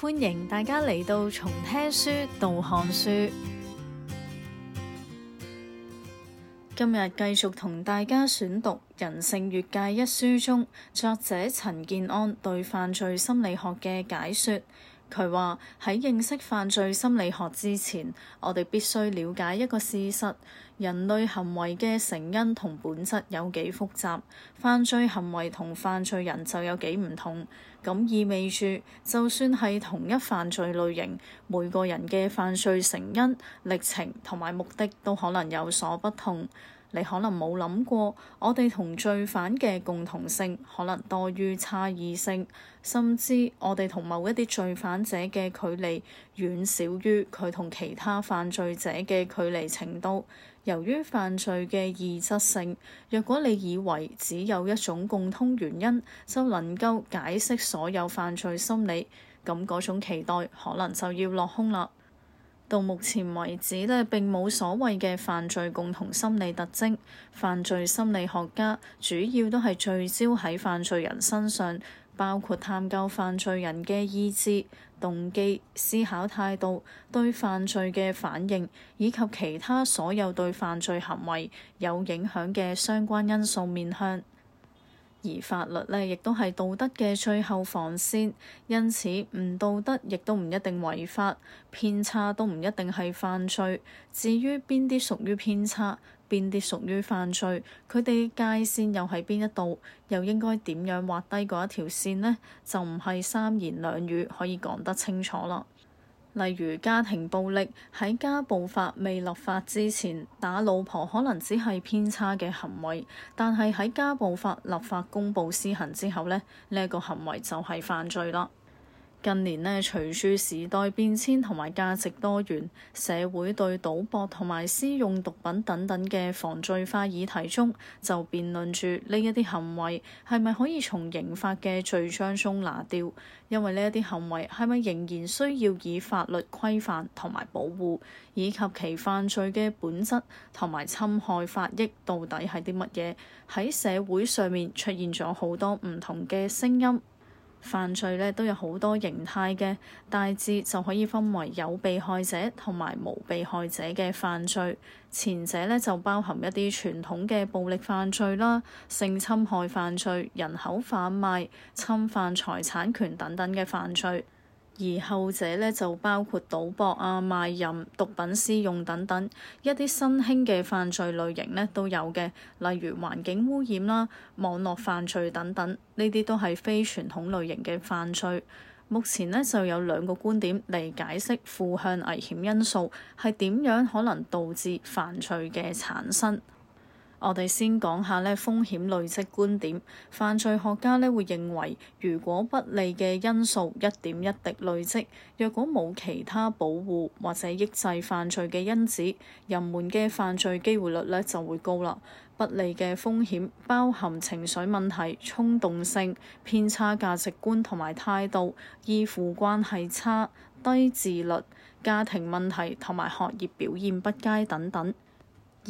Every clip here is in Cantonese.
歡迎大家嚟到從聽書到看書，今日繼續同大家選讀《人性越界》一書中作者陳建安對犯罪心理學嘅解說。佢話：喺認識犯罪心理學之前，我哋必須了解一個事實，人類行為嘅成因同本質有幾複雜，犯罪行為同犯罪人就有幾唔同。咁意味住，就算係同一犯罪類型，每個人嘅犯罪成因、歷程同埋目的都可能有所不同。你可能冇諗過，我哋同罪犯嘅共同性可能多於差異性，甚至我哋同某一啲罪犯者嘅距離遠少於佢同其他犯罪者嘅距離程度。由於犯罪嘅異質性，若果你以為只有一種共通原因，就能夠解釋所有犯罪心理，咁嗰種期待可能就要落空啦。到目前為止咧，並冇所謂嘅犯罪共同心理特徵。犯罪心理學家主要都係聚焦喺犯罪人身上，包括探究犯罪人嘅意志、動機、思考態度、對犯罪嘅反應，以及其他所有對犯罪行為有影響嘅相關因素面向。而法律呢亦都係道德嘅最後防線，因此唔道德亦都唔一定違法，偏差都唔一定係犯罪。至於邊啲屬於偏差，邊啲屬於犯罪，佢哋界線又喺邊一度，又應該點樣畫低嗰一條線呢，就唔係三言兩語可以講得清楚啦。例如家庭暴力，喺家暴法未立法之前，打老婆可能只係偏差嘅行為，但係喺家暴法立法公布施行之後咧，呢一個行為就係犯罪啦。近年呢，隨住時代變遷同埋價值多元，社會對賭博同埋私用毒品等等嘅防罪化議題中，就辯論住呢一啲行為係咪可以從刑法嘅罪章中拿掉？因為呢一啲行為係咪仍然需要以法律規範同埋保護，以及其犯罪嘅本質同埋侵害法益到底係啲乜嘢？喺社會上面出現咗好多唔同嘅聲音。犯罪咧都有好多形態嘅，大致就可以分為有被害者同埋無被害者嘅犯罪。前者咧就包含一啲傳統嘅暴力犯罪啦、性侵害犯罪、人口販賣、侵犯財產權等等嘅犯罪。而後者咧就包括賭博啊、賣淫、毒品私用等等一啲新興嘅犯罪類型咧都有嘅，例如環境污染啦、啊、網絡犯罪等等，呢啲都係非傳統類型嘅犯罪。目前呢，就有兩個觀點嚟解釋負向危險因素係點樣可能導致犯罪嘅產生。我哋先講下呢風險累積觀點，犯罪學家呢會認為，如果不利嘅因素一點一滴累積，若果冇其他保護或者抑制犯罪嘅因子，人們嘅犯罪機會率呢就會高啦。不利嘅風險包含情緒問題、衝動性、偏差價值觀同埋態度、依附關係差、低自律、家庭問題同埋學業表現不佳等等。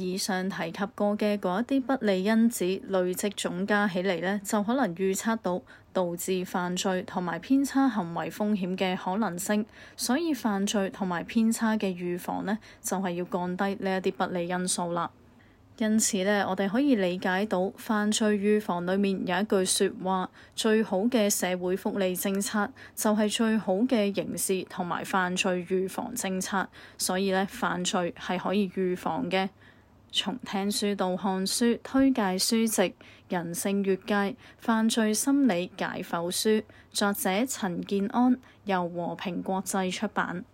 以上提及過嘅嗰一啲不利因子累積總加起嚟咧，就可能預測到導致犯罪同埋偏差行為風險嘅可能性。所以犯罪同埋偏差嘅預防咧，就係要降低呢一啲不利因素啦。因此咧，我哋可以理解到犯罪預防裏面有一句說話：最好嘅社會福利政策就係最好嘅刑事同埋犯罪預防政策。所以咧，犯罪係可以預防嘅。從聽書到看書，推介書籍《人性越界：犯罪心理解剖書》，作者陳建安，由和平國際出版。